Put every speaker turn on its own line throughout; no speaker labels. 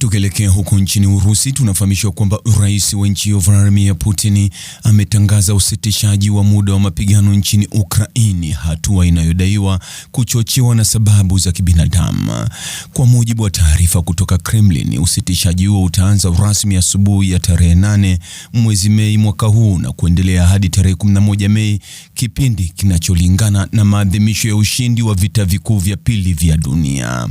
Tukielekea huko nchini Urusi, tunafahamishwa kwamba rais wa nchi hiyo Vladimir Putin ametangaza usitishaji wa muda wa mapigano nchini Ukraini, hatua inayodaiwa kuchochewa na sababu za kibinadamu. Kwa mujibu wa taarifa kutoka Kremlin, usitishaji huo utaanza rasmi asubuhi ya tarehe nane mwezi Mei mwaka huu na kuendelea hadi tarehe 11 Mei, kipindi kinacholingana na maadhimisho ya ushindi wa vita vikuu vya pili vya dunia.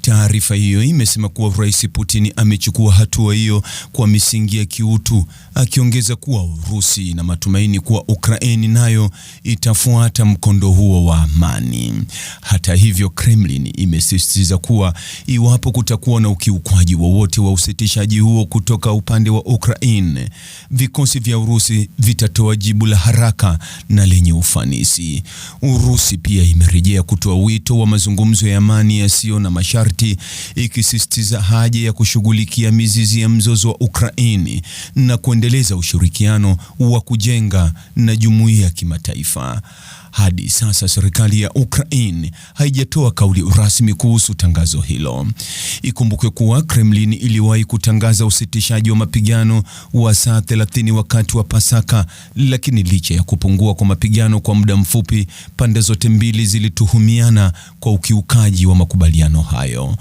Taarifa hiyo imesema kuwa Rais Putin amechukua hatua hiyo kwa misingi ya kiutu, akiongeza kuwa Urusi ina matumaini kuwa Ukraini nayo itafuata mkondo huo wa amani. Hata hivyo, Kremlin imesisitiza kuwa iwapo kutakuwa na ukiukwaji wowote wa, wa usitishaji huo kutoka upande wa Ukraine, vikosi vya Urusi vitatoa jibu la haraka na lenye ufanisi. Urusi pia imerejea kutoa wito wa mazungumzo ya amani yasiyo na masharti masharti ikisisitiza haja ya kushughulikia mizizi ya mzozo wa Ukraini na kuendeleza ushirikiano wa kujenga na jumuiya ya kimataifa. Hadi sasa serikali ya Ukraine haijatoa kauli rasmi kuhusu tangazo hilo. Ikumbukwe kuwa Kremlin iliwahi kutangaza usitishaji wa mapigano wa saa 30 wakati wa Pasaka, lakini licha ya kupungua kwa mapigano kwa muda mfupi, pande zote mbili zilituhumiana kwa ukiukaji wa makubaliano hayo. deal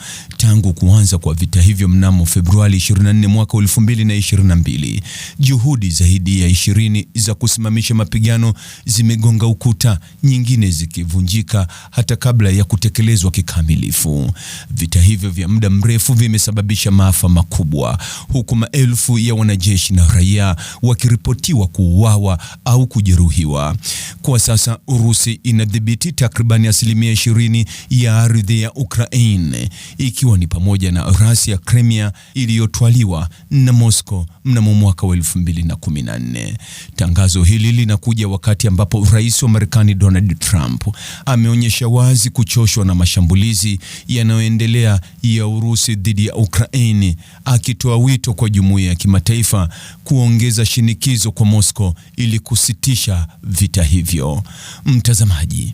Tangu kuanza kwa vita hivyo mnamo Februari 24 mwaka 2022, juhudi zaidi ya ishirini za kusimamisha mapigano zimegonga ukuta, nyingine zikivunjika hata kabla ya kutekelezwa kikamilifu. Vita hivyo vya muda mrefu vimesababisha maafa makubwa, huku maelfu ya wanajeshi na raia wakiripotiwa kuuawa au kujeruhiwa. Kwa sasa Urusi inadhibiti takribani asilimia 20 ya ardhi ya Ukraine ikiwa ni pamoja na rasi ya Crimea iliyotwaliwa na Moscow mnamo mwaka wa 2014. Tangazo hili linakuja wakati ambapo Rais wa Marekani Donald Trump ameonyesha wazi kuchoshwa na mashambulizi yanayoendelea ya Urusi dhidi ya Ukraini, akitoa wito kwa jumuiya ya kimataifa kuongeza shinikizo kwa Moscow ili kusitisha vita hivyo. Mtazamaji